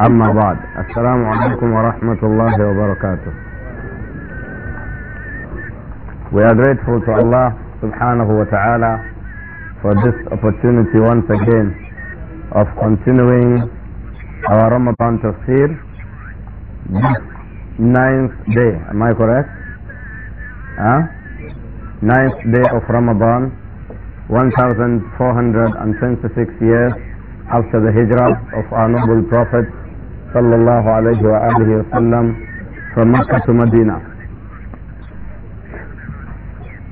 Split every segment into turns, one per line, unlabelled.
أما بعد السلام عليكم ورحمة الله وبركاته We are grateful to Allah subhanahu wa ta'ala for this opportunity once again of continuing our Ramadan tafsir this ninth day, am I correct? Huh? Ninth day of Ramadan, 1426 years after the hijrah of our noble Prophet صلى الله عليه وآله وسلم from Mecca to Medina.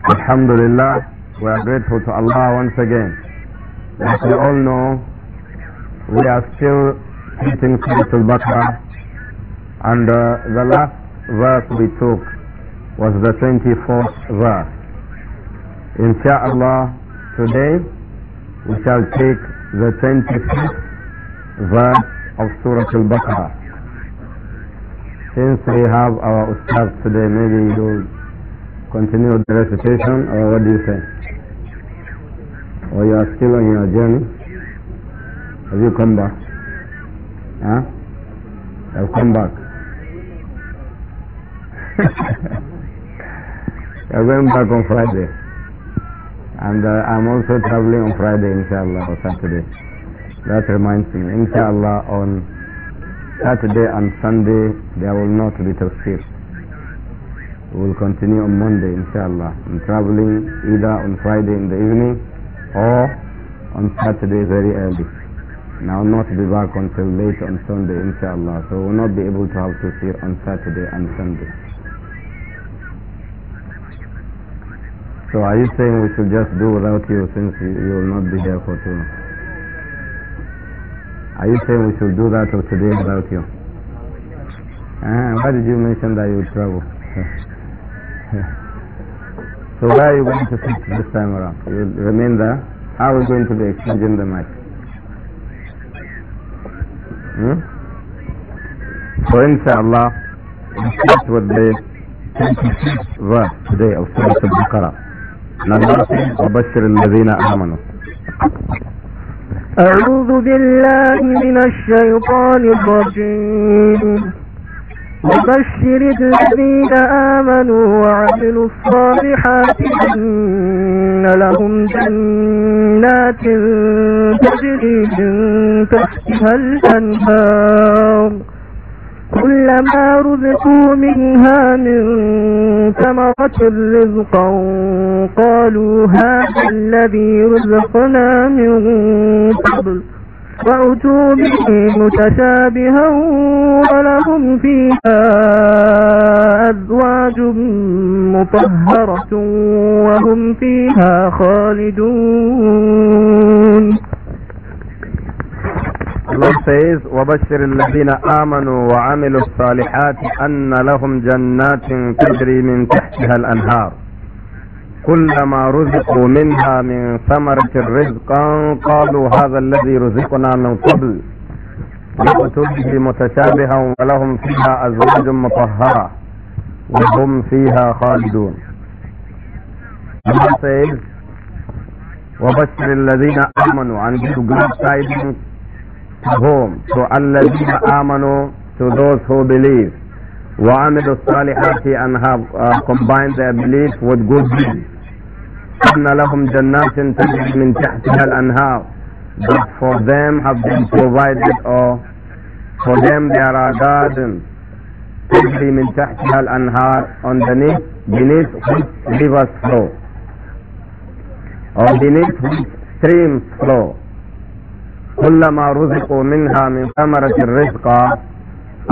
Alhamdulillah, we are grateful to Allah once again. As we all know, we are still teaching Surah Al-Baqarah and uh, the last verse we took was the 24th verse. Insha'Allah, today we shall take the 25th verse of Surah Al-Baqarah. Since we have our Ustaz today, maybe you will continue the recitation or what do you say? Or you are still on your journey? Have you come back? Huh? I've come back. I went back on Friday. And uh, I'm also traveling on Friday, inshallah, or Saturday. That reminds me, inshallah on Saturday and Sunday there will not be tafsir. We will continue on Monday inshallah. I'm traveling either on Friday in the evening or on Saturday very early. Now not be back until late on Sunday inshallah. So we'll not be able to have tafsir on Saturday and Sunday. So are you saying we should just do without you since you, you will not be there for too long? Are you saying we should do that of today without you? Ah, why did you mention that you would travel? so where are you going to sit this time around? You remain there? How are we going to be exchanging the mic? Hmm? So inshallah, we start with the 26th verse today of Surah Al-Baqarah. نجاة وبشر الذين آمنوا أعوذ بالله من الشيطان الرجيم وبشر الذين آمنوا وعملوا الصالحات أن لهم جنات تجري من تحتها الأنهار كلما رزقوا منها من ثمرة رزقا قالوا هذا الذي رزقنا من قبل وأتوا به متشابها ولهم فيها أزواج مطهرة وهم فيها خالدون The Lord says, وَبَشِّرِ الَّذِينَ آمَنُوا وَعَمِلُوا الصَّالِحَاتِ أَنَّ لَهُمْ جَنَّاتٍ تَجْرِي مِنْ تَحْتِهَا الْأَنْهَارُ كلما رزقوا منها من ثمرة الرزق قالوا هذا الذي رزقنا من قبل يأتونه متشابها ولهم فيها أزواج مطهرة وهم فيها خالدون الله says وبشر الذين آمنوا عن give good to whom? To alladhina amanu, to those who believe. وعملوا الصالحات and have uh, combined their belief with good deeds. أن لهم جنات تجري من تحتها الأنهار But for them have been provided or for them there are gardens تجري من تحتها underneath beneath which rivers flow or beneath which streams flow كلما رزقوا minha min ثمرة الرزق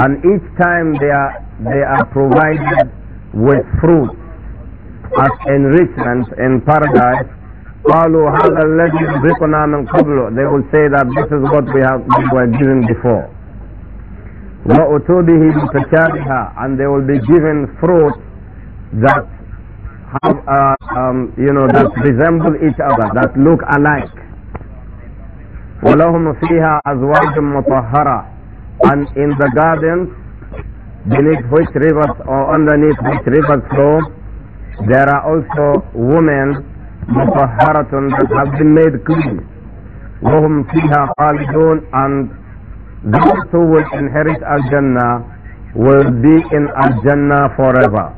and each time they are, they are provided with fruit as enrichment in paradise قالوا هذا الذي رزقنا من قبل they will say that this is what we have we were given before وأتوا به متشابها and they will be given fruit that have uh, um, you know that resemble each other that look alike وَلَهُمْ فِيهَا أَزْوَاجٌ مُطَهَّرَةٌ And in the gardens, beneath which rivers or underneath which rivers flow, there are also women مطهرة that have been made clean. وهم فيها خالدون and those who will inherit Al-Jannah will be in Al-Jannah forever.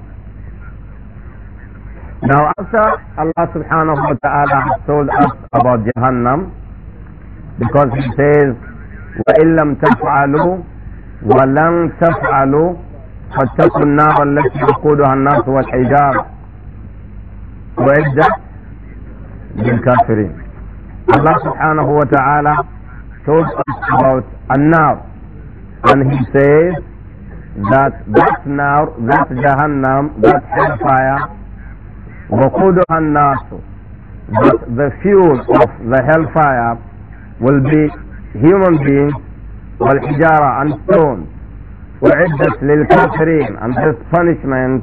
Now after Allah subhanahu wa ta'ala has told us about Jahannam, because he says, وَإِن لَمْ تَفْعَلُوا وَلَمْ تَفْعَلُوا فَاتَّقُوا النَّارَ الَّتِي وَقُودُهَا النَّاسُ وَالْحِجَارَةُ وَإِدَّتْ لِلْكَافِرِينَ Allah subhanahu wa ta'ala told us about an-nar and he says that that nar, that jahannam, that hellfire وَقُودُهَا النَّاسُ But the fuel of the hellfire will be human beings والحجارة and stone
وعدت
للكافرين and this punishment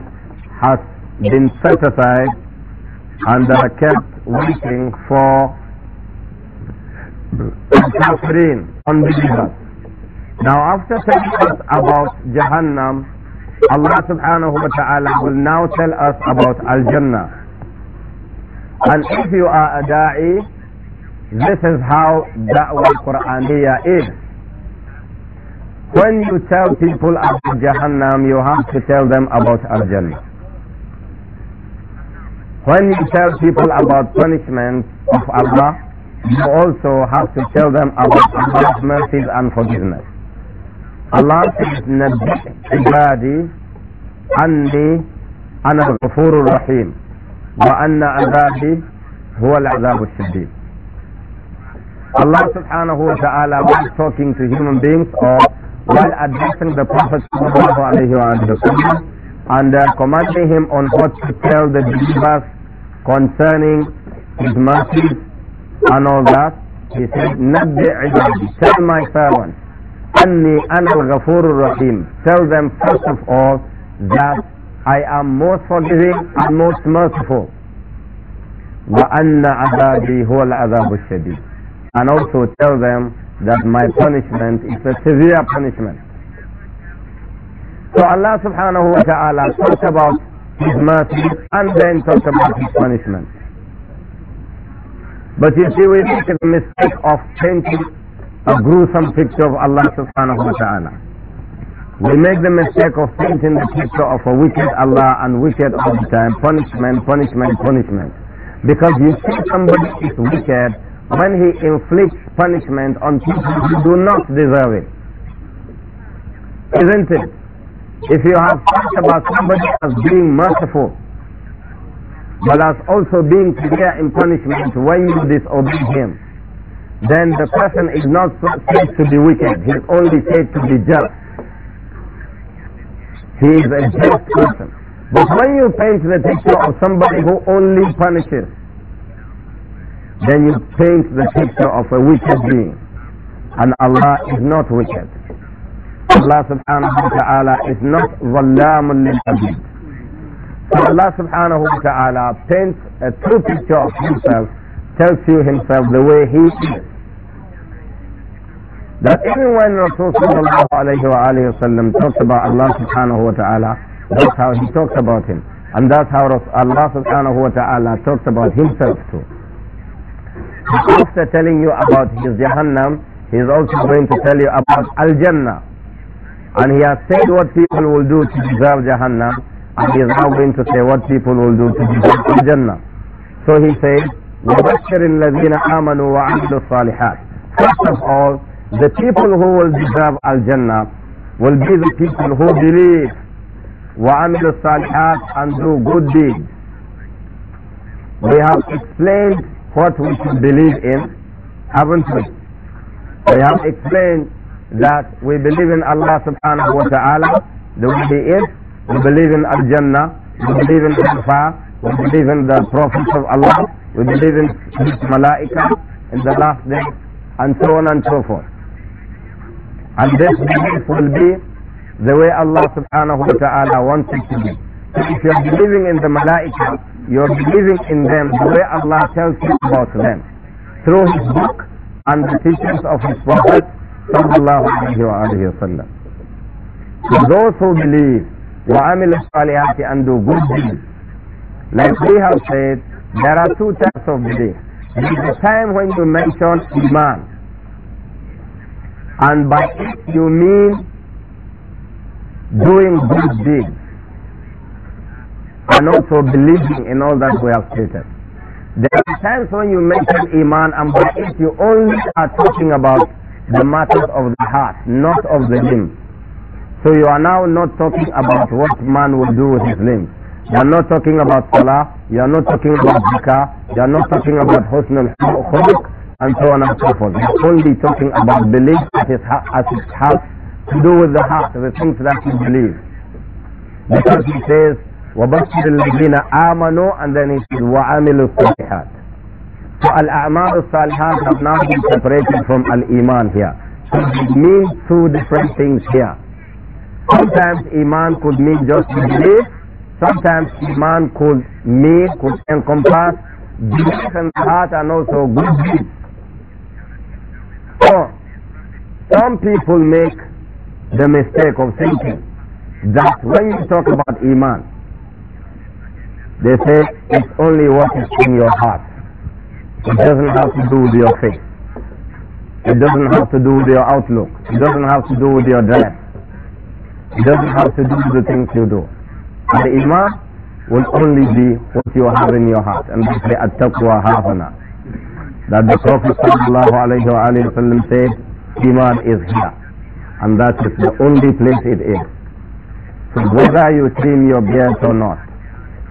has been set aside and are kept waiting for الكافرين unbelievers now after telling us about Jahannam Allah subhanahu wa ta'ala will now tell us about Al-Jannah and if you are a da'i this is how Da'wah Qur'aniyya is. When you tell people about Jahannam, you have to tell them about Al-Jannah. When you tell people about punishment of Allah, you also have to tell them about Allah's mercies and forgiveness. Allah says, نَبِّئْ عِبَادِي أَنِّي rahim الْغَفُورُ الرَّحِيمُ وَأَنَّ عَذَابِي هُوَ الْعَذَابُ siddi Allah subhanahu wa ta'ala was talking to human beings or while addressing the Prophet sallallahu alayhi wa and uh, commanding him on what to tell the believers concerning his mercy and all that, he said, نَبِّ عِبَادِي Tell my servants, أَنِّي أَنَا ghafurur Rahim. Tell them first of all that I am most forgiving and most merciful. وَأَنَّ huwa al الْعَذَابُ الشَّدِيدُ and also tell them that my punishment is a severe punishment. So Allah subhanahu wa ta'ala talked about His mercy and then talked about His punishment. But you see, we make the mistake of painting a gruesome picture of Allah subhanahu wa ta'ala. We make the mistake of painting the picture of a wicked Allah and wicked all the time, punishment, punishment, punishment. Because you see somebody is wicked when he inflicts punishment on people who do not deserve it. Isn't it? If you have thought about somebody as being merciful, but as also being severe in punishment when you disobey him, then the person is not said to be wicked, he is only said to be just. He is a just person. But when you paint the picture of somebody who only punishes, then you paint the picture of a wicked being. And Allah is not wicked. Allah subhanahu wa ta'ala is not ظَلَّامٌ لِلْعَبِيدِ So Allah subhanahu wa ta'ala paints a true picture of himself, tells you himself the way he is. That even when Rasulullah sallallahu talks about Allah subhanahu wa ta'ala, that's how he talks about him. And that's how Allah subhanahu wa ta'ala talks about himself too. After telling you about his Jahannam, he is also going to tell you about Al Jannah. And he has said what people will do to deserve Jahannam, and he is now going to say what people will do to deserve Al Jannah. So he says, First of all, the people who will deserve Al-Jannah will be the people who believe وعملوا الصالحات and do good deeds. We have explained what we should believe in, haven't we? We have explained that we believe in Allah subhanahu wa ta'ala, the way He is, we believe in Al-Jannah, we believe in al we believe in the prophets of Allah, we believe in His Malaika, in the last day, and so on and so forth. And this belief will be the way Allah subhanahu wa ta'ala wants it to be. So if you are believing in the Malaika, you're believing in them the way Allah tells you about them through His book and the teachings of His Prophet sallallahu alayhi wa So those who believe وَعَمِلُ الصَّالِحَاتِ and do good deeds, like we have said, there are two types of belief. There is a time when you mention Iman, and by it you mean doing good deeds and also believing in all that we have stated. There are times when you mention Iman and by it you only are talking about the matters of the heart, not of the limbs. So you are now not talking about what man will do with his limbs. You are not talking about salah, you are not talking about zakah, you are not talking about husnul khuluq, and so on and so forth. You are only talking about belief that is as it has to do with the heart, the things that you believe. Because he says, وبشر الذين آمنوا and then he said وعملوا الصالحات so al-a'mal al have now been separated from al-iman here so it means two different things here sometimes iman could mean just belief sometimes iman could mean could encompass belief and heart and also good deeds so some people make the mistake of thinking that when you talk about iman they say it's only what is in your heart. It doesn't have to do with your faith. It doesn't have to do with your outlook. It doesn't have to do with your dress. It doesn't have to do with the things you do. And the Imam will only be what you have in your heart. And that's the At-taqwa hafana. That the Prophet sallallahu alayhi wa sallam said, Iman is here. And that is the only place it is. So whether you trim your beard or not,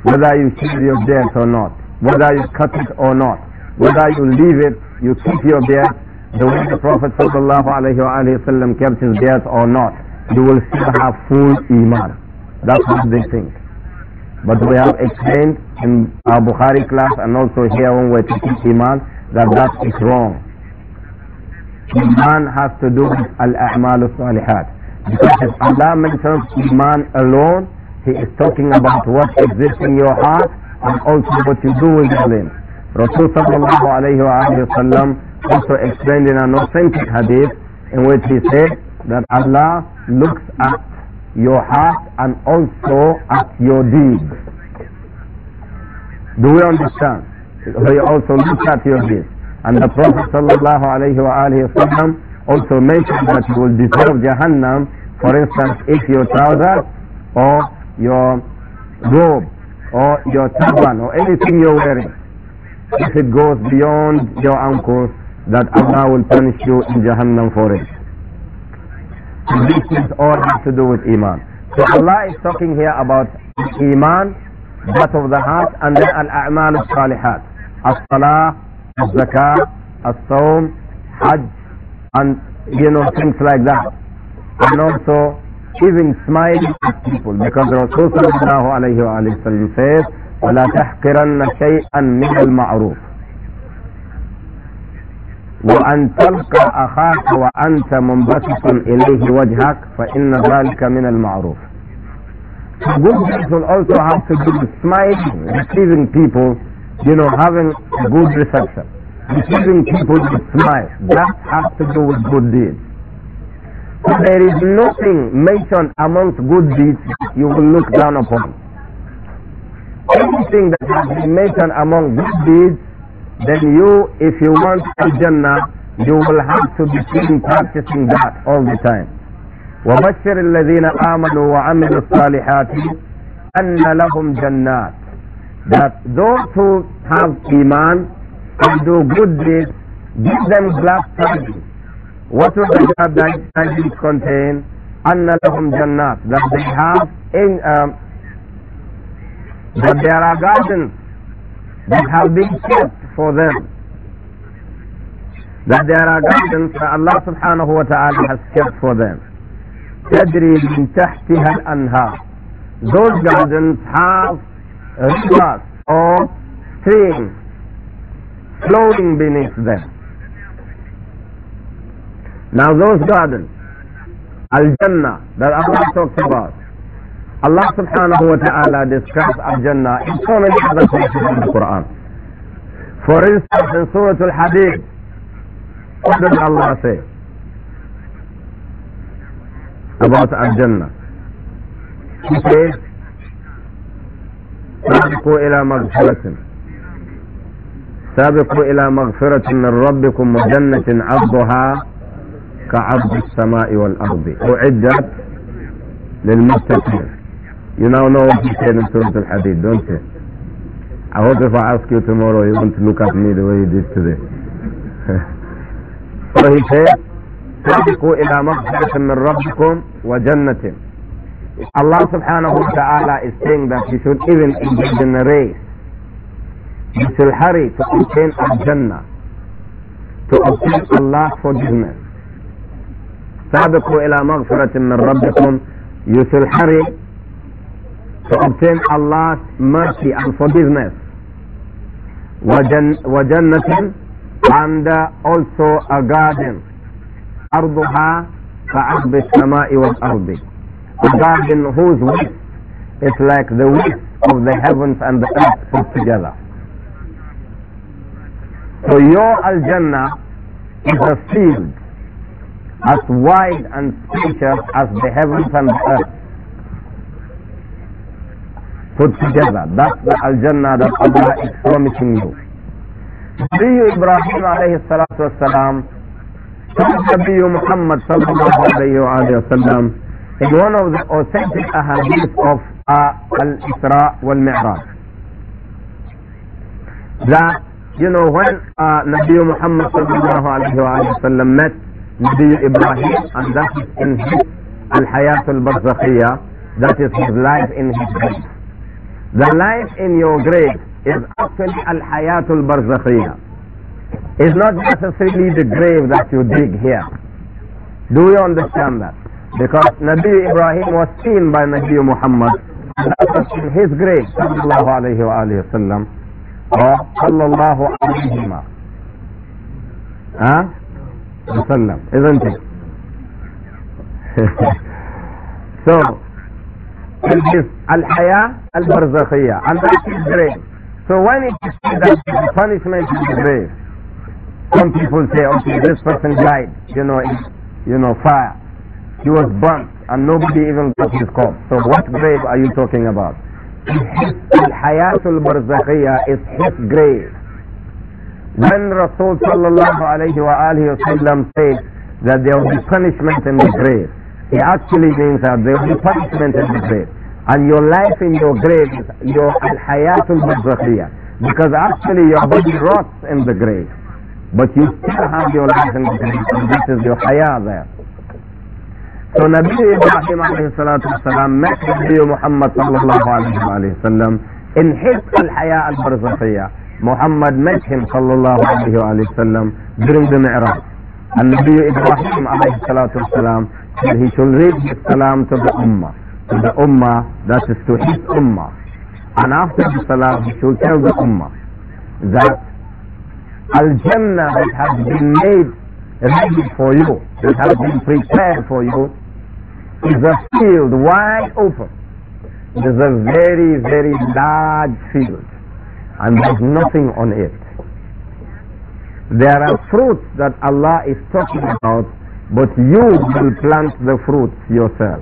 whether you keep your beard or not, whether you cut it or not, whether you leave it, you keep your beard, the way the Prophet sallallahu kept his beard or not, you will still have full iman. That's what they think. But we have explained in our Bukhari class and also here when we're teaching iman that that is wrong. Iman has to do with al-a'mal salihat Because if Allah mentions iman alone, he is talking about what exists in your heart and also what you do with your limbs. Rasul sallallahu alayhi wa also explained in an authentic hadith in which he said that Allah looks at your heart and also at your deeds. Do we understand? He also looks at your deeds. And the Prophet sallallahu alayhi wa also mentioned that you will deserve Jahannam, for instance, if your trousers or your robe or your turban or anything you're wearing. If it goes beyond your ankles, that Allah will punish you in Jahannam for it. This is all has to do with Iman. So Allah is talking here about Iman, that of the heart, and then Al-A'mal al-Salihat. As-Salah, As-Zakah, As-Sawm, Hajj, and you know, things like that. And also even smile at people because Rasul sallallahu alayhi wa sallam says وَلَا تَحْقِرَنَّ شَيْئًا مِنَ الْمَعْرُوفِ وأن تلقى أخاك وأنت منبسط إليه وجهك فإن ذلك من المعروف. Good people also have to do with smiling, receiving people, you know, having good reception. Receiving people with smile, that has to do with good deeds. There is nothing mentioned amongst good deeds you will look down upon. Anything that has been mentioned among good deeds, then you, if you want Al Jannah, you will have to be seen practicing that all the time. وبشر الذين آمنوا وعملوا الصالحات أن لهم جنات that those who have iman and do good deeds give them glad tidings what will the Jannah contain? anna لهم جنات that they have in um, that there are gardens that have been kept for them that there are gardens that Allah subhanahu wa ta'ala has kept for them تجري من تحتها الأنهار those gardens have rivers or streams flowing beneath them Now those gardens, Al-Jannah that Allah talks about, Allah subhanahu wa ta'ala describes Al-Jannah in so many other places in the Quran. For instance, in Surah Al-Hadid, what does Allah say about Al-Jannah? He says, سابقوا إلى مغفرة سابقوا إلى مغفرة من ربكم وجنة عرضها كعبد السماء والأرض أعدت للمتقين You now know what he said in Surah Al-Hadid, don't you? I hope if I ask you tomorrow, you won't look at me the way you did today. so he said, سابقوا إلى مغفرة من ربكم وجنة Allah subhanahu wa ta'ala is saying that you should even engage in a race. You should hurry to obtain Al-Jannah, to obtain Allah's forgiveness. سابقوا إلى مغفرة من ربكم يسر حري hurry to obtain Allah's mercy and forgiveness وجنة and also a garden أرضها كأرض السماء والأرض A garden whose width is like the width of the heavens and the earth put together So your Al-Jannah is a field as wide and spacious as the heavens and earth put together. That's the Al-Jannah that Allah is promising you. Nabi Ibrahim alayhi salatu wasalam told Nabi Muhammad sallallahu alayhi wa sallam in one of the authentic ahadith of uh, Al-Isra wal-Mi'raj that, you know, when uh, Nabi Muhammad sallallahu alayhi wa sallam met Nabi Ibrahim, and that is in his Al-Hayat al-Barzakhiyah, that is his life in his grave. The life in your grave is actually Al-Hayat al-Barzakhiyah. It's not necessarily the grave that you dig here. Do you understand that? Because Nabi Ibrahim was seen by Nabi Muhammad, and that was in his grave, sallallahu alayhi wa alayhi wa sallam, or sallallahu alayhi wa sallam isn't it? so, it is al-haya al-barzakhiyya, and that is So when it is that punishment is grave, some people say, okay, this person died, you know, in, you know, fire. He was burnt, and nobody even got his corpse. So what grave are you talking about? His al-hayatul barzakhiyya is his grave. When Rasul sallallahu alayhi wa alayhi that there will be punishment in the grave, it actually means that there will be punishment in the grave. And your life in your grave is your al-hayatul barzakhiyah. Because actually your body rots in the grave. But you still have your life in the grave and this is your hayah there. So Nabi Ibrahim alayhi salatu wasalam met Nabi Muhammad sallallahu alayhi wa sallam in his al-haya al-barzakhiyah. Muhammad met him sallallahu alayhi wa sallam during the Mi'raj. And Nabi Ibrahim alayhi salatu wasalam said he should read his salam to the Ummah, to the Ummah that is to his Ummah. And after the salam he should tell the Ummah that Al-Jannah that has been made ready for you, that has been prepared for you, is a field wide open. It is a very, very large field and there's nothing on it. There are fruits that Allah is talking about, but you will plant the fruits yourself.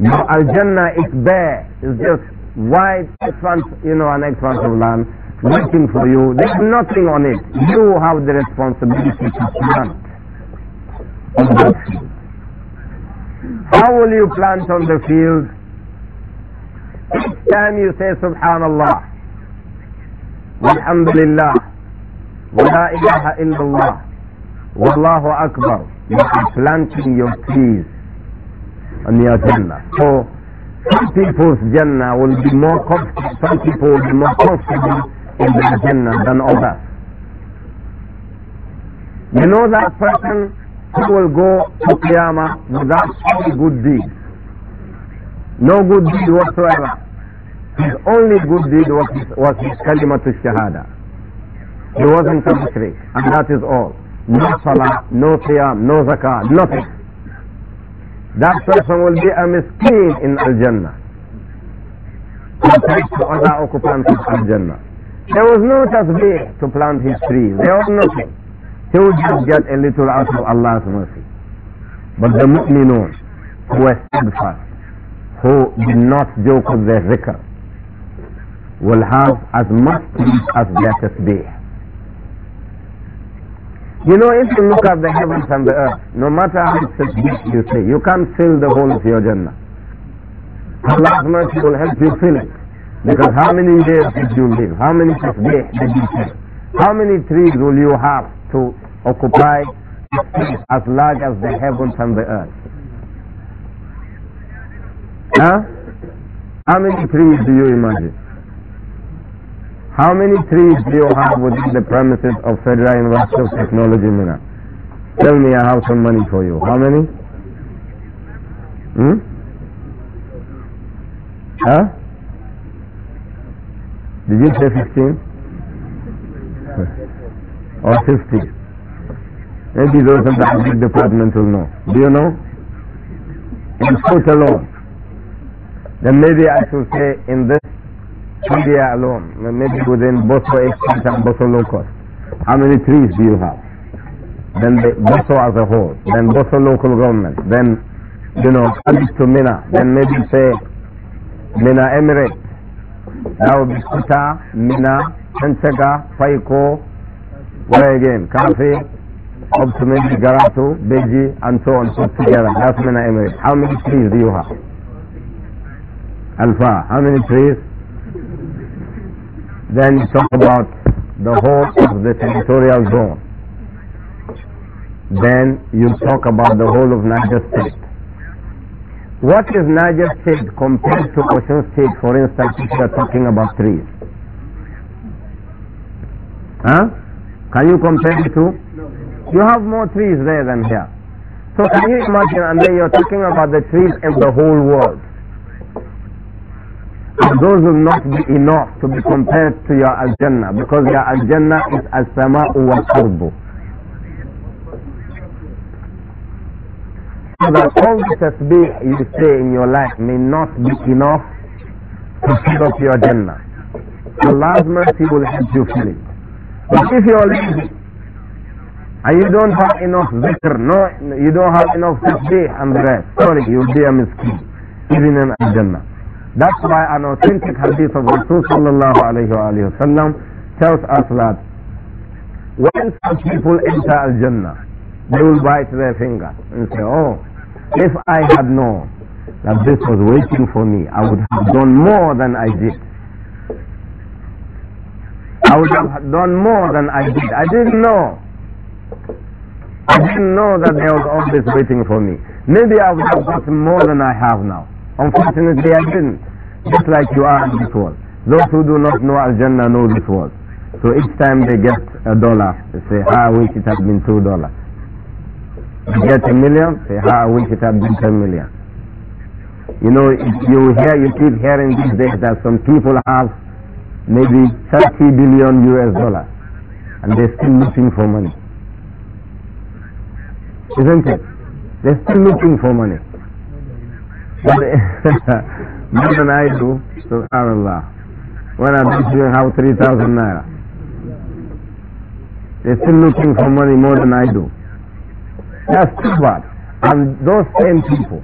Your Al Jannah is bare, it's just wide expanse, you know, an expanse of land waiting for you. There's nothing on it. You have the responsibility to plant on field. How will you plant on the field? Each time you say Subhanallah, والحمد لله ولا إله إلا الله والله أكبر you are planting your trees on your Jannah so some people's Jannah will be more comfortable some people will be more comfortable in their Jannah than others you know that person who will go to Qiyamah without any good deeds no good deed whatsoever his only good deed was his, was his kalimatu shahada. He wasn't a mushrik, and that is all. No salah, no siyam, no zakah, nothing. That person will be a miskin in Al-Jannah. Compared to other occupants of Al-Jannah. There was no tasbih to plant his trees. There was nothing. He would just get a little out of Allah's mercy. But the mu'minun who were steadfast, who did not joke with their zikr, will have as much peace as their tasbih. You know, if you look at the heavens and the earth, no matter how much tasbih you say, you can't fill the whole of your Jannah. Allah's will help you fill it. Because how many days did you live? How many tasbih did you say? How many trees will you have to occupy as large as the heavens and the earth? Huh? How many trees do you imagine? How many trees do you have within the premises of Federal University of Technology, Mina? Tell me, I have some money for you. How many? Hmm? Huh? Did you say 15? Or 50? Maybe those in the public department will know. Do you know? In total, alone. Then maybe I should say in this India alone, maybe within Boso Express and Boso Low how many trees do you have? Then the Boso as a whole, then Boso local government, then, you know, add to Mina, then maybe say Mina Emirate. That would be Kuta, Mina, Sanchaga, Faiko, where again, Kafi, up to maybe Garatu, Beji, and so on, put together. That's Mina Emirates. How many trees do you have? Alpha, how many trees? then talk about the whole of the territorial zone. Then you talk about the whole of Niger State. What is Niger State compared to Ocean State, for instance, if you are talking about trees? Huh? Can you compare the two? You have more trees there than here. So can you imagine, and then you're talking about the trees in the whole world those will not be enough to be compared to your al-jannah because your al-jannah is as-sama'u wal-ardu so that all the tasbih you say in your life may not be enough to fill up your jannah Allah's mercy will help you fill it but if you are lazy and you don't have enough zikr no, you don't have enough tasbih and rest sorry you'll be a miskin even in al-jannah that's why an authentic hadith of Rasulullah sallallahu tells us that when some people enter Al-Jannah, they will bite their finger and say, oh, if I had known that this was waiting for me, I would have done more than I did. I would have done more than I did. I didn't know. I didn't know that there was all this waiting for me. Maybe I would have gotten more than I have now. Unfortunately, I didn't. Just like you are in this world. Those who do not know Al-Jannah know this world. So each time they get a dollar, they say, how I wish it had been two dollars. They get a million, say, how I wish it had been ten million. You know, you hear, you keep hearing these days that some people have maybe 30 billion US dollars and they're still looking for money. Isn't it? They're still looking for money. More than I do, subhanAllah. When I bet you have 3,000 naira. They're still looking for money more than I do. That's too bad. And those same people,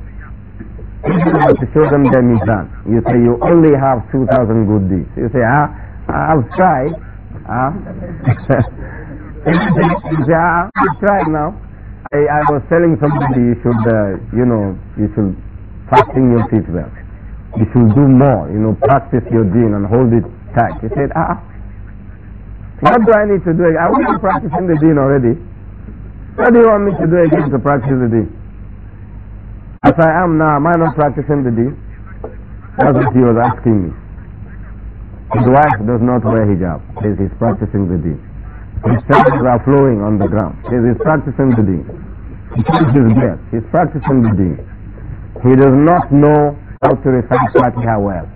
you have to show them their mizan, you say you only have 2,000 good deeds. You say, ah, I've tried. Ah. you say, ah, I've tried now. I, I was telling somebody you should, uh, you know, you should Fasting, your will fit You should do more, you know, practice your deen and hold it tight. He said, ah, ah. what do I need to do? I was practicing the deen already. What do you want me to do again to practice the deen? As I am now, am I not practicing the deen? That's what he was asking me. His wife does not wear hijab. Says he's practicing the deen. His tears are flowing on the ground. Says he's practicing the deen. He kills his breath. He's practicing the deen he does not know how to recite Fatiha well.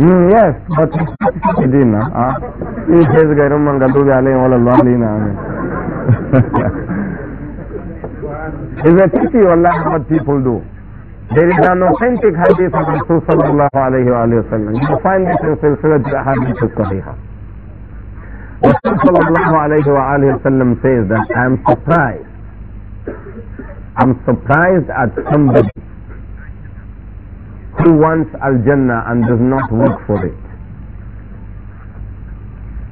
Mm, yes, but he didn't. Huh? Ah. He says, Gairum Mangalubi Alayhi Wala It's a pity, Allah, what people do. There is an authentic hadith of Rasul sallallahu alayhi wa sallam. You find this in Silsilat al-Hadith al-Sahiha. Rasul sallallahu alayhi wa sallam says that I am surprised I'm surprised at somebody who wants Al Jannah and does not work for it.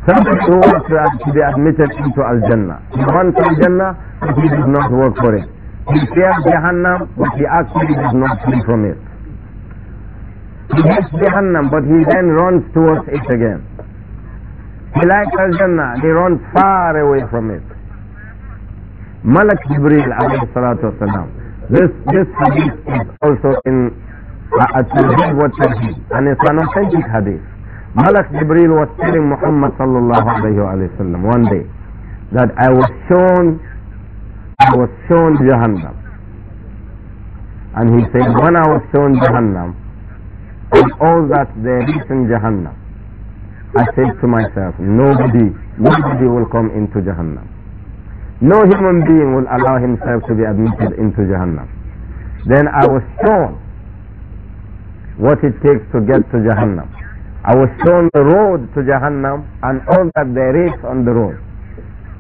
Somebody who wants to be admitted into Al Jannah. He wants Al Jannah, but he does not work for it. He fears Jahannam, but he actually does not flee from it. He hates Jahannam, but he then runs towards it again. He likes Al Jannah, he runs far away from it. Malak Jibreel alayhi salatu wasalam. This, this hadith is also in At-Tajib and it's an authentic hadith. Malak Jibreel was telling Muhammad sallallahu alayhi wa sallam one day that I was shown, I was shown Jahannam. And he said, when I was shown Jahannam, and all that there is in Jahannam, I said to myself, nobody, nobody will come into Jahannam. No human being will allow himself to be admitted into Jahannam. Then I was shown what it takes to get to Jahannam. I was shown the road to Jahannam and all that there is on the road.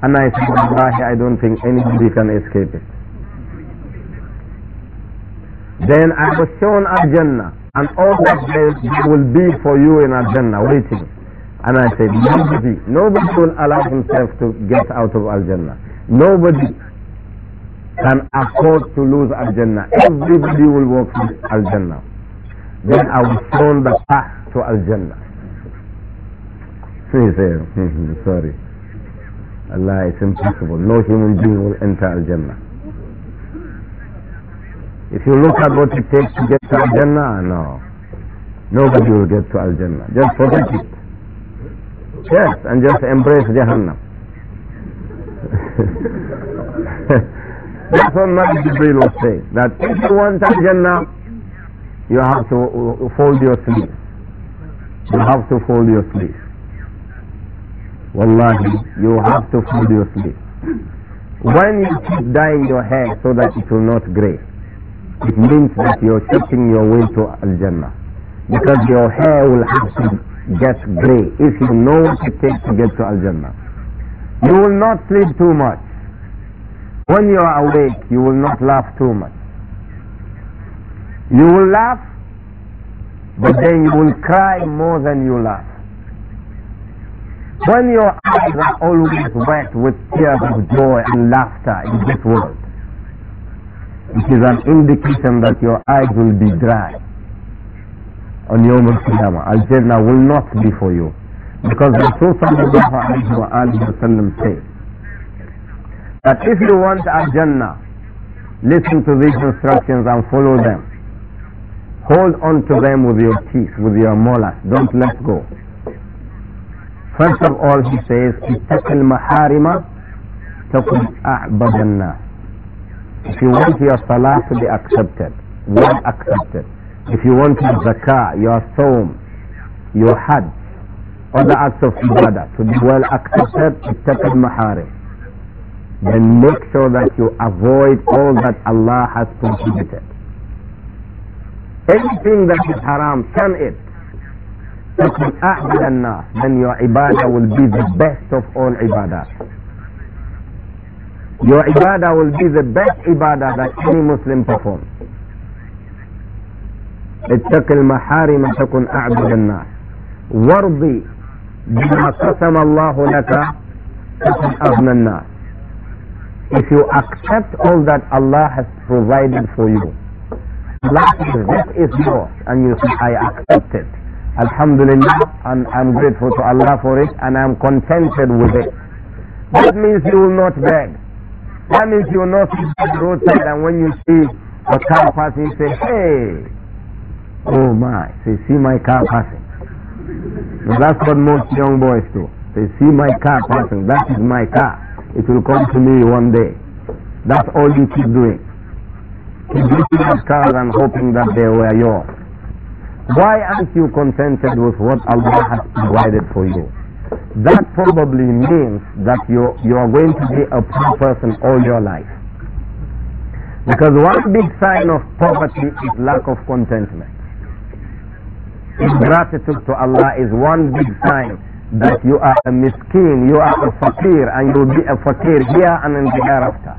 And I said, Wallahi, I don't think anybody can escape it. Then I was shown Al-Jannah and all that there will be for you in Al-Jannah waiting. And I said, nobody, nobody will allow himself to get out of Al-Jannah. Nobody can afford to lose Al Jannah. Everybody will walk to Al Jannah. Then I will show the path to Al Jannah. See he hmm, hmm, sorry. Allah, it's impossible. No human being will enter Al Jannah. If you look at what it takes to get to Al Jannah, no. Nobody will get to Al Jannah. Just forget it. Yes, and just embrace Jahannam. That's what Malik Jibril was saying. That if you want to Jannah, you have to uh, fold your sleeves. You have to fold your sleeves. Wallahi, you have to fold your sleeves. When you keep dyeing your hair so that it will not grey, it means that you're cheating your way to Al Jannah. Because your hair will have to get grey if you know what it takes to get to Al Jannah. You will not sleep too much. When you are awake, you will not laugh too much. You will laugh, but then you will cry more than you laugh. When your eyes are always wet with tears of joy and laughter in this world, it is an indication that your eyes will be dry on your al Al-Jannah will not be for you. Because the Prophet alayhi wa alayhi wa sallam says that if you want Al-Jannah, listen to these instructions and follow them. Hold on to them with your teeth, with your molars. Don't let go. First of all, he says, If you want your salah to be accepted, well accepted, if you want your zakah, your psalm, your hajj, other acts of ibadah to be well accepted, ittaqal maharim. Then make sure that you avoid all that Allah has prohibited. Anything that is haram, shun it. تكن أعبد then your ibadah will be the best of all ibadah. Your ibadah will be the best ibadah that any Muslim performs. اتق المحارم تكن أعبد الناس وارضي بما قسم الله لك فقد أغنى الناس if you accept all that Allah has provided for you that is says is yours and you say I accept it Alhamdulillah and I'm grateful to Allah for it and I'm contented with it that means you will not beg that means you will not sit the roadside and when you see a car passing say hey oh my say see my car passing and that's what most young boys do. They see my car passing, that is my car. It will come to me one day. That's all you keep doing. Keep looking at cars and hoping that they were yours. Why aren't you contented with what Allah has provided for you? That probably means that you, you are going to be a poor person all your life. Because one big sign of poverty is lack of contentment gratitude to Allah is one big sign that you are a miskin, you are a fakir, and you will be a fakir here and in the hereafter.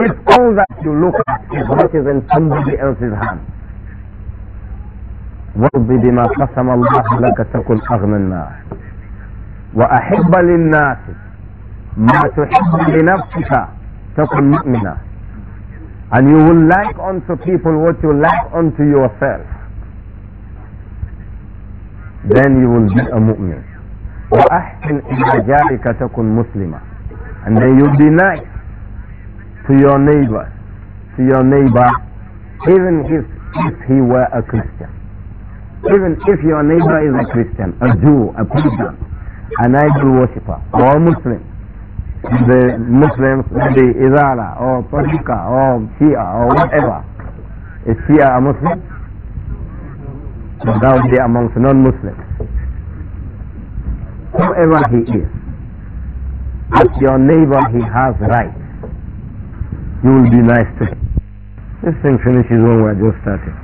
If all that you look at is what is in somebody else's hand, وارض بما قسم الله لك تكن أغنى الناس وأحب للناس ما تحب لنفسك تكن مؤمنا and you will like unto people what you like unto yourself then you will be a mu'min. وَأَحْسِنْ إِلَى جَارِكَ تَكُنْ مُسْلِمًا And then you'll be nice to your neighbor, to your neighbor, even if, if he were a Christian. Even if your neighbor is a Christian, a Jew, a pagan, an idol worshipper, or a Muslim. The Muslims, the Izala, or Tajika, or Shia, or whatever. Is Shia a Muslim? So that would be amongst non-Muslims. Whoever he is, as your neighbor he has rights. You will be nice to him. This thing finishes when we're just starting.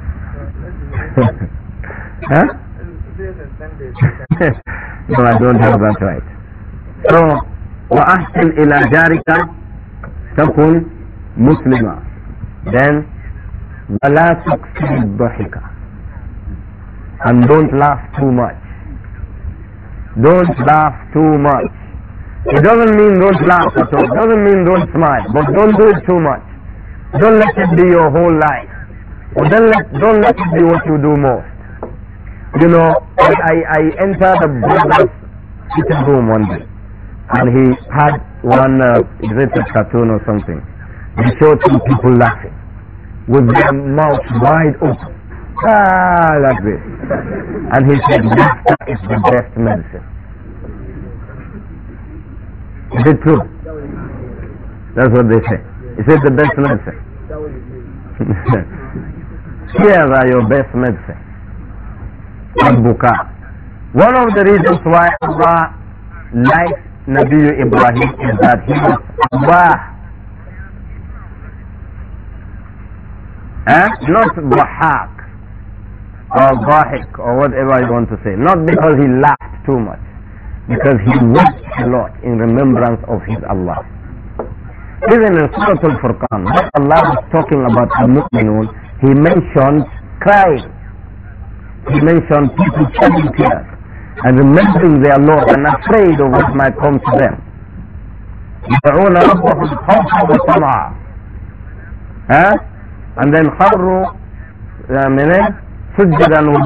huh? no, I don't have that right. So, وأحسن إلى جارك تكن مسلمة. Then, ولا تكسر الضحكة. And don't laugh too much. Don't laugh too much. It doesn't mean don't laugh at all. It doesn't mean don't smile. But don't do it too much. Don't let it be your whole life. Or don't let, don't let it be what you do most. You know, I, I, I entered a brother's meeting room one day. And he had one, uh, cartoon or something? He showed two people laughing with their mouths wide open. Ah, like this. And he said, laughter is the best medicine. Is it true? That's what they say. Is it the best medicine? Tears are your best medicine. al One of the reasons why Allah likes Nabi Ibrahim is that he was Allah. Eh? Not Wahab or ضاحك or whatever you want to say. Not because he laughed too much, because he wept a lot in remembrance of his Allah. Even in Surah Al-Furqan, when Allah was talking about the mu'minun, he mentioned crying. He mentioned people shedding tears and remembering their Lord and afraid of what might come to them. and then خروا من uh, sujadan wa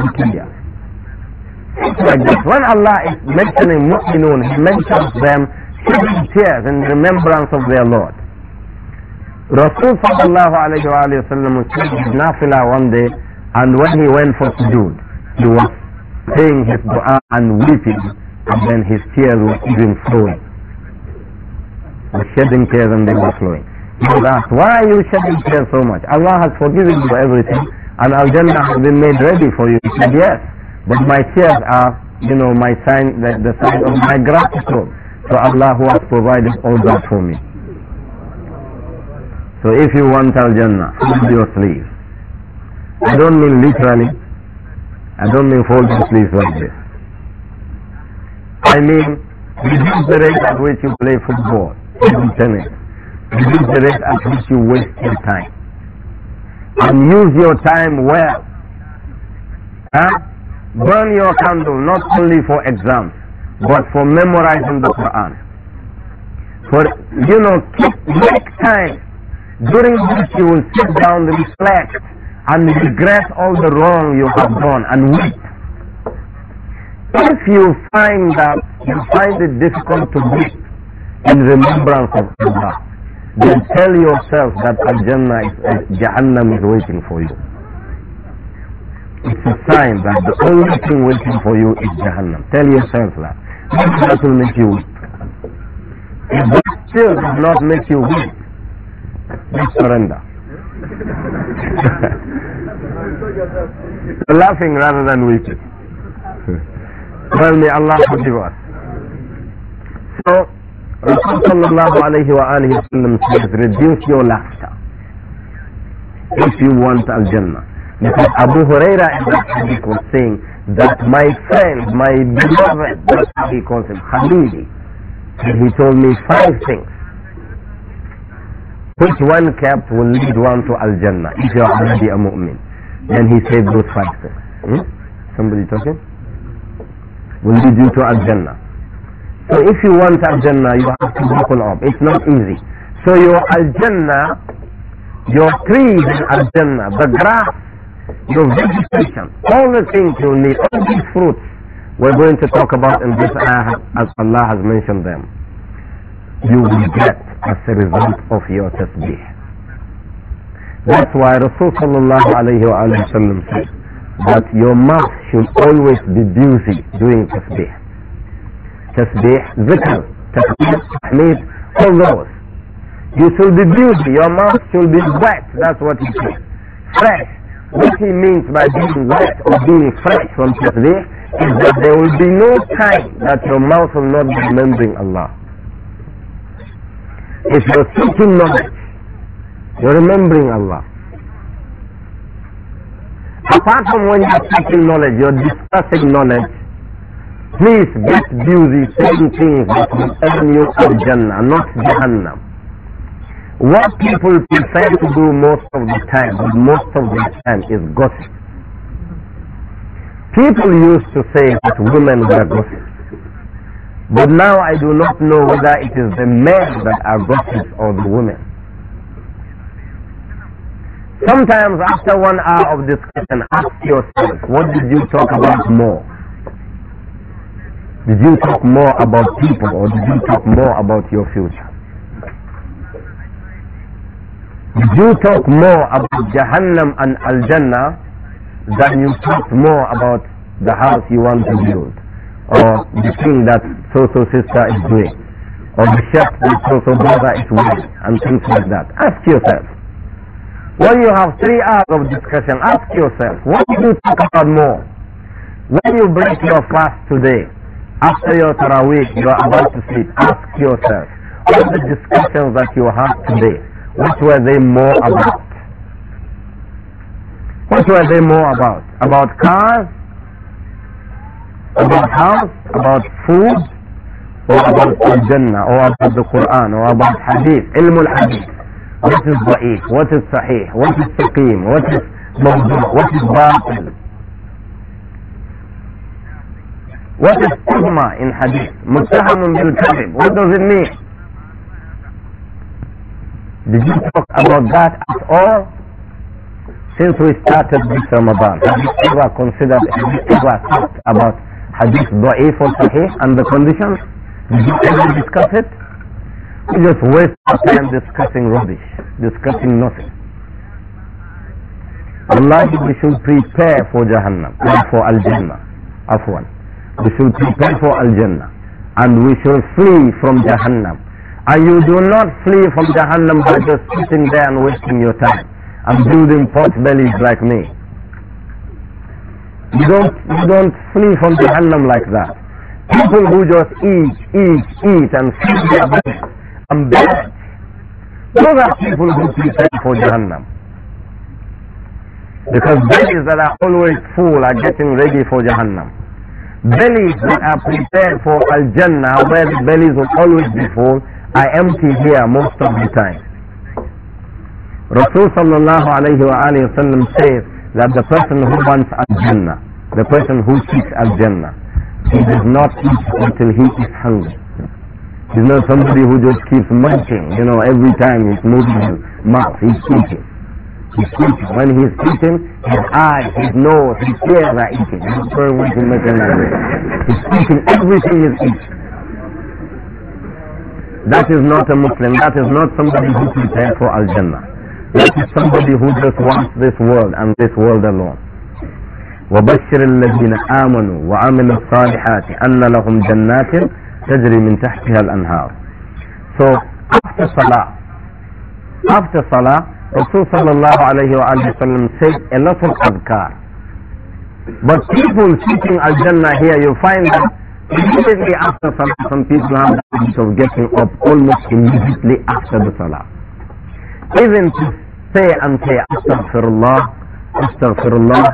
Like When Allah is mentioning mu'minun, He mentions them shedding tears in remembrance of their Lord. Rasul sallallahu alayhi wa sallam said nafila one day and when he went for sujood, he was saying his dua and weeping and then his tears were even flowing. He was shedding tears and they were flowing. He was asked, why are you shedding tears so much? Allah has forgiven you everything and Al-Jannah has been made ready for you. He said, yes, but my tears are, you know, my sign, the, the sign of my gratitude to Allah who has provided all that for me. So if you want Al-Jannah, fold your sleeves. I don't mean literally. I don't mean fold your sleeves like this. I mean, reduce the rate at which you play football, tennis. Reduce the rate at which you waste your time and use your time well. Huh? Burn your candle not only for exams, but for memorizing the Quran. For, you know, keep, make time during which you will sit down, reflect, and regret all the wrong you have done and weep. If you find that you find it difficult to weep in remembrance of Allah, then tell yourself that Al-Jannah is, uh, Jahannam is waiting for you. It's a sign that the only thing waiting for you is Jahannam. Tell yourself that. That will make you weak. If that still does not make you weep, then surrender. you laughing rather than weeping. well, may Allah forgive us. So, Rasul sallallahu alayhi wa alayhi wa says, reduce your laughter if you want Al-Jannah. Because Abu Huraira in that hadith was saying that my friend, my beloved, that's how he calls him, and he told me five things which one kept will lead one to Al Jannah if you are already a mu'min. Then he said those five things. Hmm? Somebody talking? Will lead you to Al Jannah. So if you want Al-Jannah, you have to buckle up. It's not easy. So your Al-Jannah, your trees in Al-Jannah, the grass, your vegetation, all the things you need, all these fruits, we're going to talk about in this ayah as Allah has mentioned them. You will get as a result of your tasbih. That's why Rasulullah sallallahu alayhi wa said that your mouth should always be busy doing tasbih tasbih, zikr, tasbih, tahmid, all those. You should be beauty, your mouth should be wet, that's what he means. Fresh. What he means by being wet or being fresh from tasbih is that there will be no time that your mouth will not be remembering Allah. If you're seeking knowledge, you're remembering Allah. Apart from when you're seeking knowledge, you're discussing knowledge, Please get busy saying things that will earn you al-Jannah, not Jahannam. What people prefer to do most of the time, most of the time, is gossip. People used to say that women were gossips. But now I do not know whether it is the men that are gossips or the women. Sometimes after one hour of discussion, ask yourself, what did you talk about more? Did you talk more about people or did you talk more about your future? Did you talk more about Jahannam and Al-Jannah than you talked more about the house you want to build or the thing that so-so sister is doing or the chef that so-so brother is wearing and things like that? Ask yourself. When you have three hours of discussion, ask yourself, what do you talk about more? When you break your fast today, after your Taraweeh, you are about to sleep. Ask yourself, all the discussions that you had today, what were they more about? What were they more about? About cars? About house? About food? Or about Al-Jannah? Or about the Quran? Or about Hadith? Ilm al-Hadith. What is Da'if? What is Sahih? What is Saqim? What is Mawdu? What is Batil? What is tuhma in hadith? Muttahamun bil kadhib. What does it mean? Did you talk about that at all? Since we started this Ramadan, have you ever considered, have you ever talked about hadith da'if or sahih and the conditions? Did you ever discuss it? We just waste our time discussing rubbish, discussing nothing. Allah, we should prepare for Jahannam, for Al-Jannah, Afwan. We should prepare for Al-Jannah. And we shall flee from Jahannam. And you do not flee from Jahannam by just sitting there and wasting your time and building pot bellies like me. You don't, you don't flee from Jahannam like that. People who just eat, eat, eat and feed their bodies and bed. Those are people who prepare for Jahannam. Because bodies that are always full are getting ready for Jahannam bellies that are prepared for Al-Jannah, where the bellies will always be full, are empty here most of the time. Rasul sallallahu alayhi wa alayhi wa says that the person who wants Al-Jannah, the person who seeks Al-Jannah, he does not eat until he is hungry. He's not somebody who just keeps munching, you know, every time he's moving his mouth, he's eating. He's When he's eating, his eyes, his nose, his ears are eating. That's where we can He's eating. Everything is eating. That is not a Muslim. That is not somebody who prepared for Al Jannah. That is somebody who just wants this world and this world alone. وبشر الذين آمنوا وعملوا الصالحات أن لهم جنات تجري من تحتها الأنهار. So after Salah, after Salah, Rasul sallallahu alayhi wa sallam said a lot of adhkar. But people seeking Al-Jannah here, you find that immediately after Salah, some people have the habit of getting up almost immediately after the Salah. Even to say and say, Astaghfirullah, Astaghfirullah,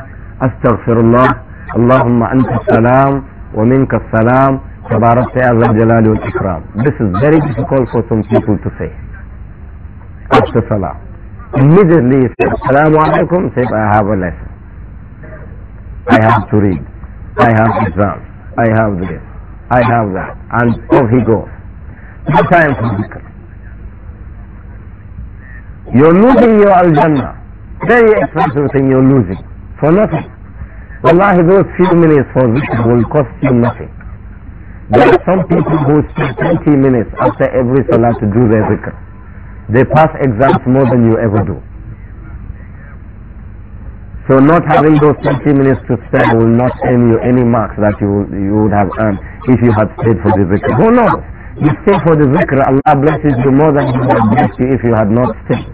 Astaghfirullah, Allahumma anta salam, wa minka salam, tabarakta ya zal jalali This is very difficult for some people to say after Salah immediately said, Assalamu alaikum, say, I have a lesson. I have to read. I have exams. I have this. I have that. And off he goes. No time for dhikr. You're losing your al-jannah. Very expensive thing you're losing. For nothing. Wallahi, those few minutes for dhikr will cost you nothing. There are some people who spend 20 minutes after every salah to do their dhikr. They pass exams more than you ever do. So not having those 20 minutes to spare will not earn you any marks that you, you would have earned if you had stayed for the zikr. Who knows? You stay for the zikr, Allah blesses you more than He would bless you if you had not stayed.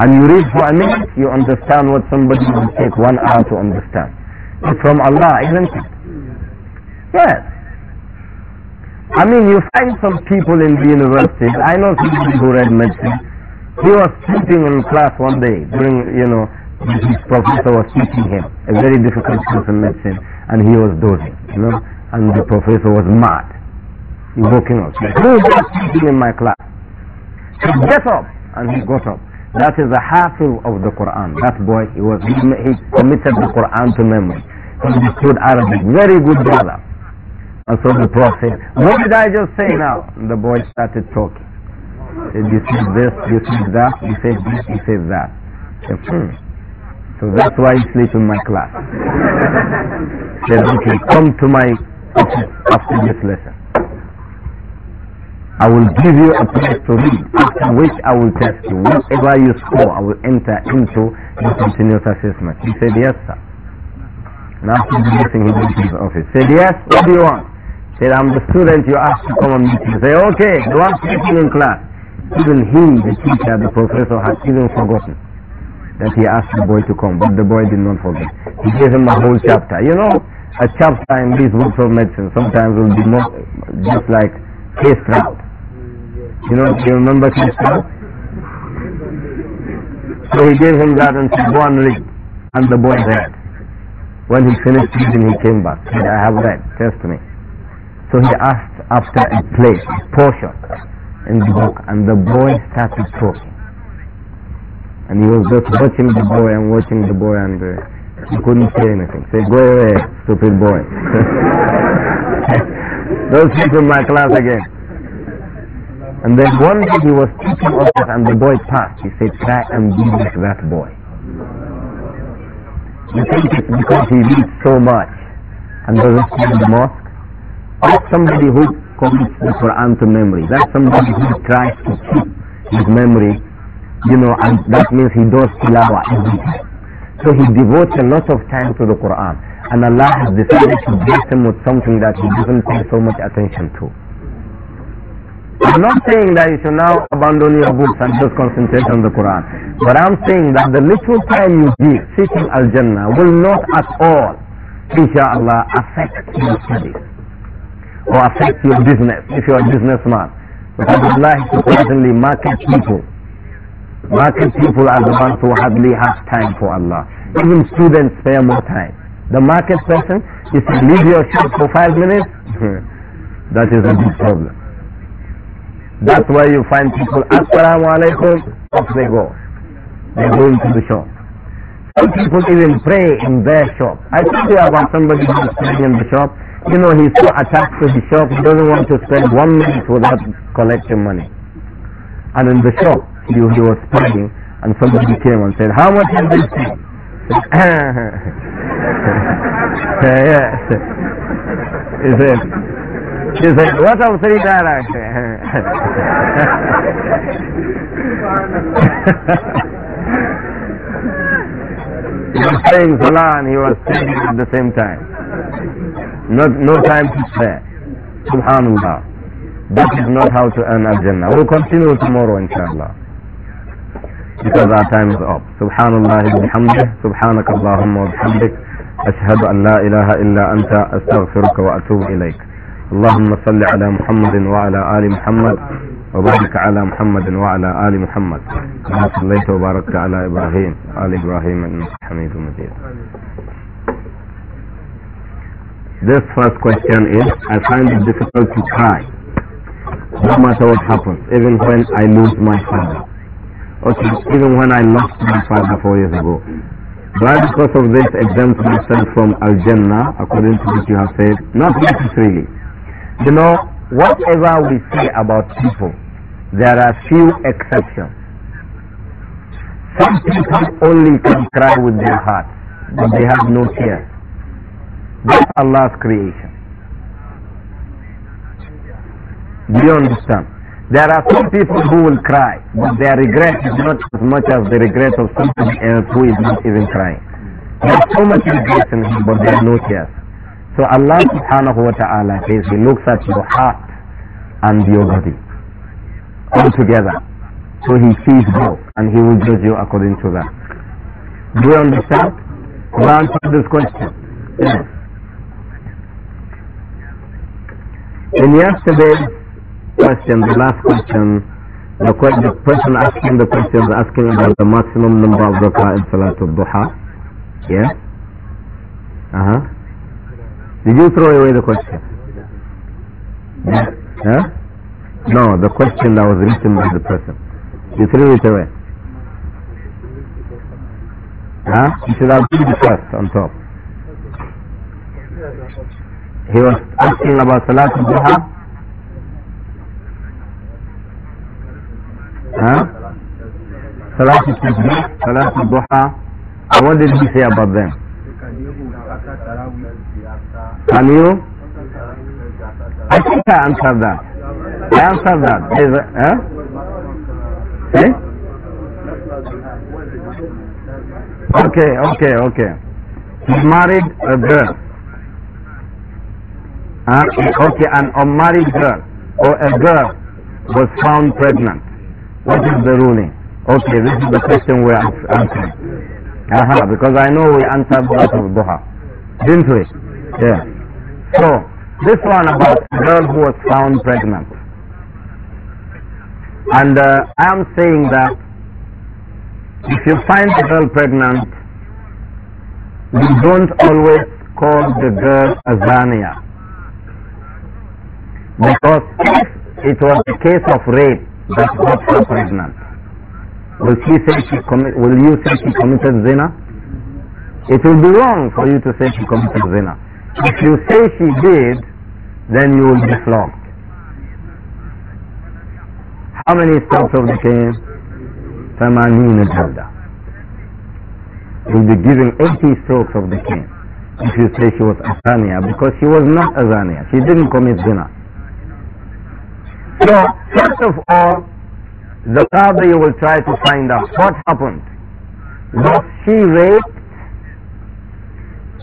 And you read for a minute, you understand what somebody would take one hour to understand. It's from Allah, isn't it? Yes. I mean, you find some people in the universities. I know somebody who read medicine. He was sleeping in class one day during, you know, his professor was teaching him a very difficult course in medicine, and he was dozing, you know, and the professor was mad. He woke him up. Who is that sleeping in my class? He get up, and he got up. That is the half of the Quran. That boy, he was he committed the Quran to memory. He understood Arabic. Very good brother. And so the Prophet What did I just say now? And the boy started talking. He said, You said this, you said that, you said this, you said that. Said, hmm. So that's why you sleep in my class.
he
said, Okay, come to my office after this lesson. I will give you a place to read, after which I will test you. Whatever you score, I will enter into your continuous assessment. He said, Yes, sir. And after the meeting, he went to his office. Said, Yes, what do you want? Said, I'm the student you asked to come and meet me. Say, okay, the one sitting in class. Even he, the teacher, the professor, had even forgotten that he asked the boy to come, but the boy did not forget. He gave him a whole chapter. You know, a chapter in these books of medicine sometimes will be more, just like case crowd. You know, do you remember case crowd? So he gave him that and said, go and read. And the boy read. When he finished reading, he came back. Said, I have read. Test me. So he asked after a place, a portion in the book, and the boy started talking. And he was just watching the boy and watching the boy, and uh, he couldn't say anything. Say, go away, stupid boy. Don't sleep in my class again. And then one day he was teaching us, and the boy passed. He said, try and be like that boy. You think it's because he reads so much and doesn't see the more? That's somebody who commits the Quran to memory. That's somebody who tries to keep his memory, you know, and that means he does tilawa every time. So he devotes a lot of time to the Quran. And Allah has decided to bless him with something that he doesn't pay so much attention to. I'm not saying that you should now abandon your books and just concentrate on the Quran. But I'm saying that the little time you give sitting Al Jannah will not at all, Allah, affect your studies or affect your business if you are a businessman. would like to surprisingly market people. Market people are the ones who hardly have time for Allah. Even students spare more time. The market person, if you leave your shop for five minutes, that is a big problem. That's why you find people, Assalamu alaikum, off they go. They go into the shop. Some people even pray in their shop. I told you about somebody who is praying in the shop you know, he's so attached to the shop, he doesn't want to spend one minute without collecting money. And in the shop, he, he was spending, and somebody came and said, How much is this thing? Uh, yes. He said, "He said, What of three dollars? he was saying salah and he was singing at the same time. Not, no time to spare. Subhanallah. That is not how to earn Al-Jannah. We'll continue tomorrow, inshallah. Because our time is up. Subhanallah bihamdih. Subhanak Allahumma bihamdik. أشهد أن لا إله إلا أنت أستغفرك وأتوب إليك اللهم صل على محمد وعلى آل محمد وبارك على محمد وعلى آل محمد كما صليت وباركت على إبراهيم آل إبراهيم إنك حميد مجيد this first question is, I find it difficult to cry, no matter what happens, even when I lose my father. Okay, even when I lost my father four years ago. Why, because of this, exempt myself from Al-Jannah, according to what you have said? Not necessarily. You know, whatever we say about people, there are few exceptions. Some people only can cry with their heart, but they have no tears. That's Allah's creation. Do you understand? There are some people who will cry, but their regret is not as much as the regret of somebody else who is not even crying. There's so much regret in him, but there are no tears. So Allah subhanahu wa ta'ala says, He looks at your heart and your body all together. So He sees both, and He will judge you according to that. Do you understand? Who answer this question? Yes. In yesterday's question, the last question, the, the person asking the question is asking about the maximum number of rak'ah in Salatul Duha. Yeah? Uh-huh. Did you throw away the question? Yeah? Huh? No, the question that was written by the person. You threw it away. Huh? You should have been the first on top. He was asking about Salatul Duha.
Huh? Salatul Tajmid, Salatul
Duha. What did he say about them? Can you? I think I answered that. I answered that. Is, huh? Eh? Okay, okay, okay. He married a girl. Huh? Okay, an unmarried girl or a girl was found pregnant. What is the ruling? Okay, this is the question we're answering. Uh-huh, because I know we answered that of Doha. Didn't we? Yeah. So, this one about a girl who was found pregnant. And uh, I am saying that if you find a girl pregnant, you don't always call the girl Azania because if it was a case of rape that got her pregnant, will she say she commi- will you say she committed zina? It will be wrong for you to say she committed zina. If you say she did, then you will be flogged. How many strokes of the cane? Samanina Jalda. You'll be giving 80 strokes of the cane if you say she was zania because she was not zania. She didn't commit zina. So, first of all, the Qadi will try to find out what happened. Was she raped?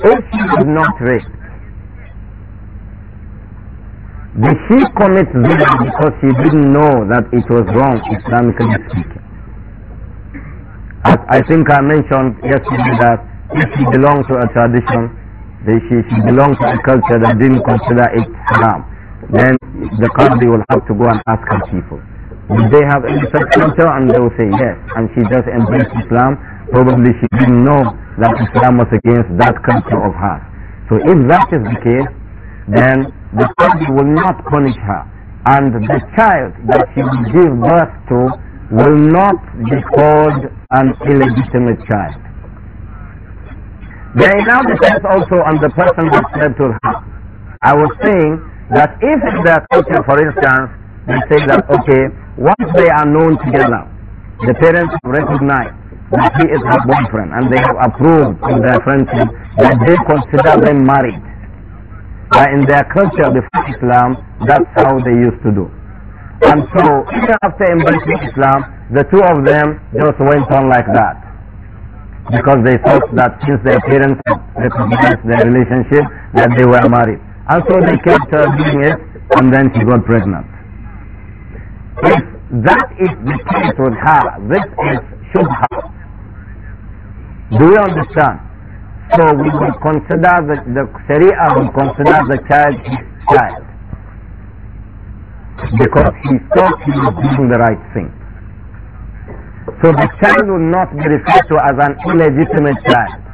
If she was not raped, did she commit zina because she didn't know that it was wrong, Islamically speaking? As I think I mentioned yesterday that if she belonged to a tradition, if she, she belonged to a culture that didn't consider it haram then the qadi will have to go and ask her people. Did they have any such culture? And they will say yes. And she just embraced Islam. Probably she didn't know that Islam was against that culture of hers. So if that is the case, then the qadi will not punish her. And the child that she will give birth to will not be called an illegitimate child. There is now depends also on the person that said to her. I was saying that if they are culture, for instance, they say that, okay, once they are known together, the parents recognize that he is her boyfriend and they have approved in their friendship that they consider them married. But in their culture before Islam, that's how they used to do. And so, even after embracing Islam, the two of them just went on like that. Because they thought that since their parents recognized their relationship, that they were married. Also, they kept uh, doing it, and then she got pregnant. If that is the case with her, this is Shubha. Do you understand? So we will consider the, the Sharia will consider the child his child. Because he thought he was doing the right thing. So the child will not be referred to as an illegitimate child.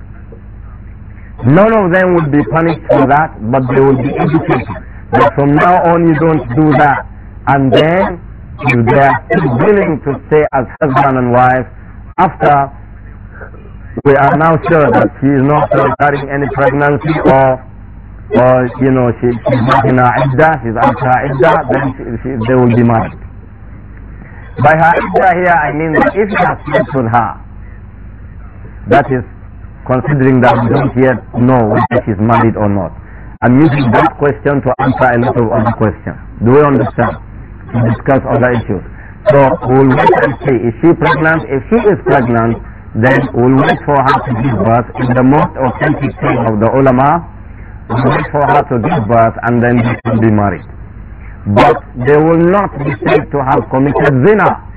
None of them would be punished for that, but they would be educated that from now on you don't do that. And then if they are still willing to stay as husband and wife after we are now sure that she is not carrying any pregnancy or or you know she, she's not in her idda, she's after her idda, then she, she, they will be married. By her idda here I mean that if he has slept with her, that is considering that we don't yet know whether she's married or not. I'm using that question to answer a lot of other questions. Do we understand? To discuss other issues. So we'll wait and see. Is she pregnant? If she is pregnant, then we'll wait for her to give birth in the most authentic thing of the ulama. We'll wait for her to give birth and then she will be married. But they will not be said to have committed zina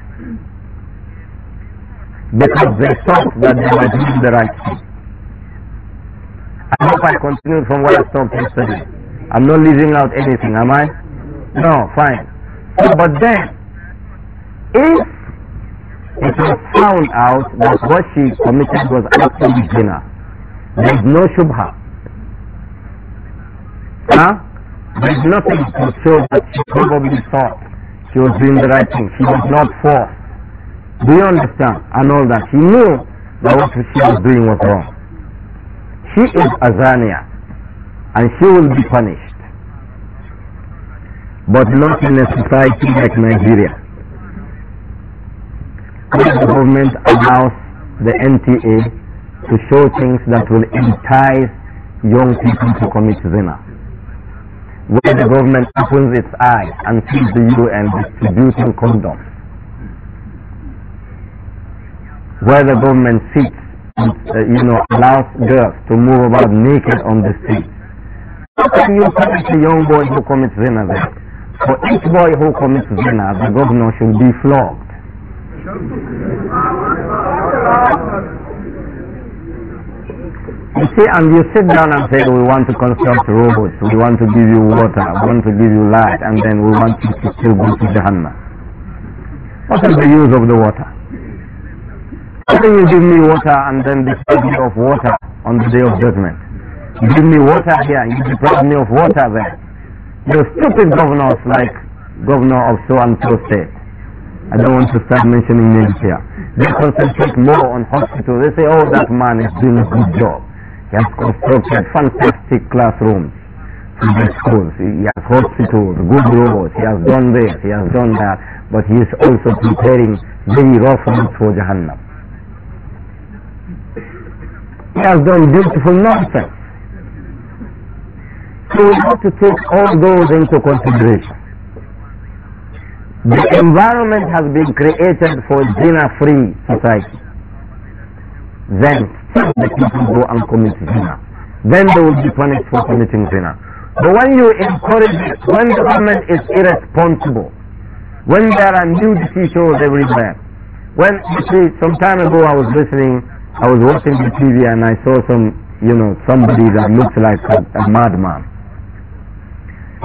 because they thought that they were doing the right thing. I hope I continued from where I stopped yesterday. I'm not leaving out anything, am I? No, fine. So, but then, if it was found out that what she committed was actually dinner, there is no shubha. Huh? There is nothing to show that she probably thought she was doing the right thing. She was not forced. Do you understand? And all that. She knew that what she was doing was wrong she is a zania and she will be punished. But not in a society like Nigeria. Where the government allows the NTA to show things that will entice young people to commit zina. Where the government opens its eyes and sees the UN distributing condoms. Where the government sits uh, you know, allows girls to move about naked on the street. How can you punish a young boy who commits zina then? For each boy who commits zina, the governor should be flogged. You see, and you sit down and say, we want to construct roads, we want to give you water, we want to give you light, and then we want you to still go to Jahannam. What is the use of the water? you give me water and then deprive me of water on the day of judgment. You give me water here, you deprive me of water there. you stupid governors like governor of so and so state. I don't want to start mentioning names here. They concentrate more on hospital. They say, oh, that man is doing a good job. He has constructed fantastic classrooms for the schools. He has hospitals, good roads. He has done this, he has done that. But he is also preparing very rough roads for Jahannam has done beautiful nonsense. So we have to take all those into consideration. The environment has been created for dinner free society. Then still the people go and commit dinner. Then they will be punished for committing dinner. But when you encourage, when the government is irresponsible, when there are new shows everywhere, when you see, some time ago I was listening I was watching the TV and I saw some, you know, somebody that looks like a, a madman.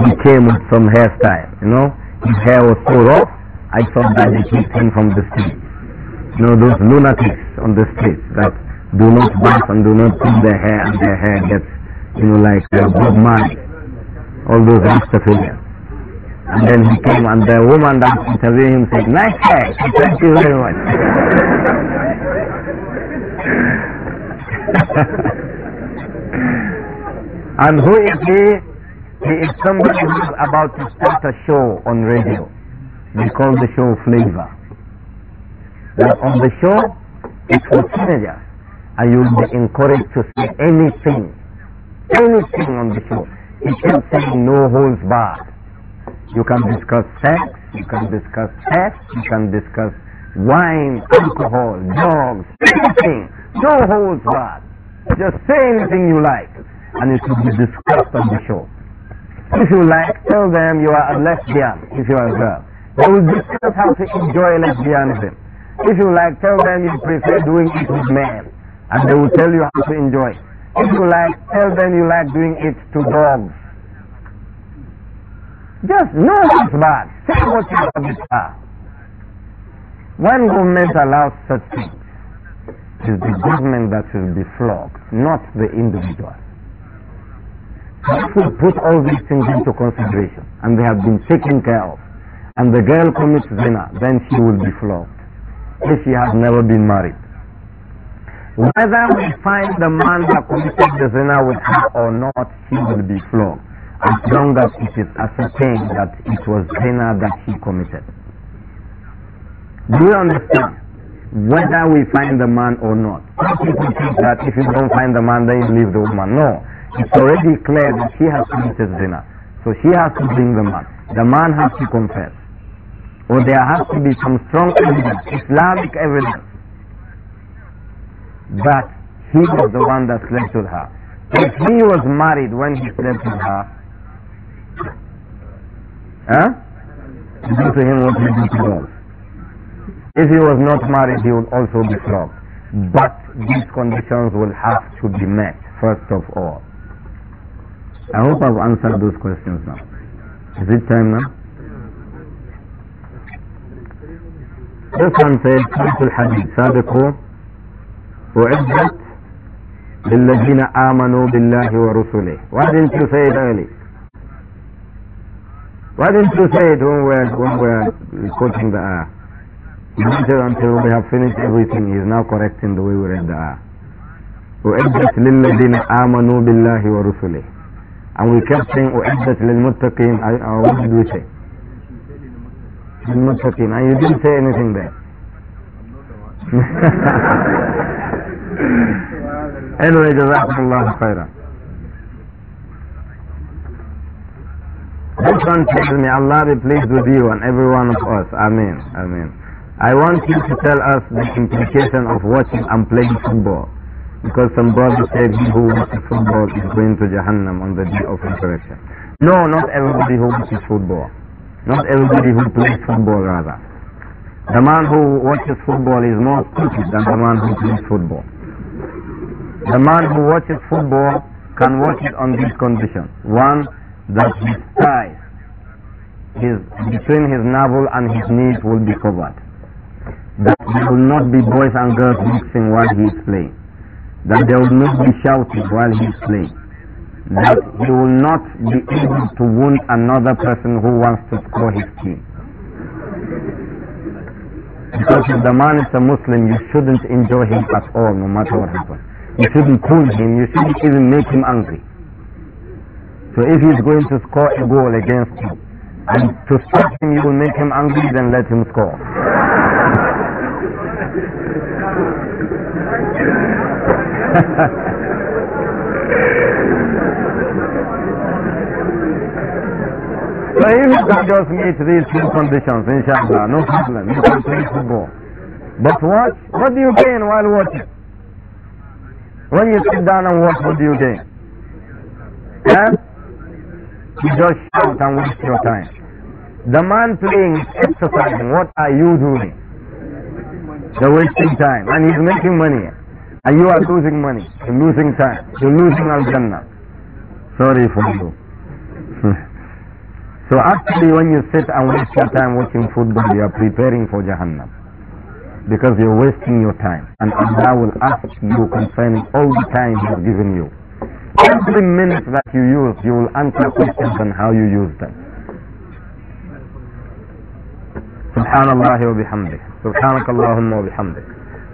He came with some hairstyle, you know. His hair was so rough, I thought that he came from the street. You know, those lunatics on the street that do not bath and do not comb their hair and their hair gets, you know, like a Bob all those Rastafarians. And then he came and the woman that interviewed him said, nice hair, thank you very much. and who is he? He is somebody who is about to start a show on radio. They call the show Flavor. on the show, it's for teenagers, and you'll be encouraged to say anything, anything on the show. You can say no holds barred. You can discuss sex, you can discuss sex, you can discuss wine, alcohol, drugs, anything. No holds barred. Just say anything you like, and it will be discussed on the show. If you like, tell them you are a lesbian, if you are a girl. They will discuss how to enjoy lesbianism. If you like, tell them you prefer doing it with men, and they will tell you how to enjoy it. If you like, tell them you like doing it to dogs. Just no it's bad. Say what you want. When government allows such things, it is the government that should be flogged, not the individual. If we put all these things into consideration, and they have been taken care of, and the girl commits zina, then she will be flogged, if she has never been married. Whether we find the man that committed the zina with her or not, she will be flogged, as long as it is ascertained that it was zina that she committed. Do you understand? whether we find the man or not. Some people think that if you don't find the man, then you leave the woman. No. It's already clear that she has committed zina. So she has to bring the man. The man has to confess. Or there has to be some strong evidence, Islamic evidence, that he was the one that slept with her. If he was married when he slept with her, huh? do to him what you do to God. If he was not married, he would also be flogged. Hmm. But these conditions will have to be met, first of all. I hope I've answered those questions now. Is it time now? This one says, قلت الحديث سابقوا وعدت للذين آمنوا بالله ورسله. Why didn't you say it early? Why didn't you say it when we were, when we quoting the ayah? waited until we have finished everything. He is now correcting the way we read the ayah. أُعِدَّتْ لِلَّذِينَ آمَنُوا بِاللَّهِ وَرُسُلِهِ And we kept saying أُعِدَّتْ لِلْمُتَّقِينَ Or uh, what did we say? لِلْمُتَّقِينَ And you didn't say anything there. anyway, جزاكم الله خيرا. This one tells me Allah be pleased with you and every one of us. Amen. Amen. I want you to tell us the implication of watching and playing football. Because some brothers said he who watches football is going to Jahannam on the day of resurrection. No, not everybody who watches football. Not everybody who plays football, rather. The man who watches football is more stupid than the man who plays football. The man who watches football can watch it on these conditions. One, that his thighs, his, between his navel and his knees will be covered that there will not be boys and girls mixing while he is playing, that there will not be shouting while he is playing, that he will not be able to wound another person who wants to score his team. Because if the man is a Muslim, you shouldn't enjoy him at all, no matter what happens. You shouldn't cool him, you shouldn't even make him angry. So if he's going to score a goal against you, and to stop him, you will make him angry, then let him score. so if you can just meet these two conditions, inshallah, no problem, you can play But watch, what do you gain while watching? When you sit down and watch, what do you gain? Yeah? You just shout and waste your time. The man playing is exercising. What are you doing? you are wasting time and he's making money. And you are losing money, you're losing time, you're losing Al Jannah. Sorry for you. so actually when you sit and waste your time watching football, you are preparing for Jahannam. Because you're wasting your time. And Allah will ask you concerning all the time He has given you. Every minute that you use, you will answer questions on how you use them. Subhanallah, wa وبحمده سبحانك wa وبحمدك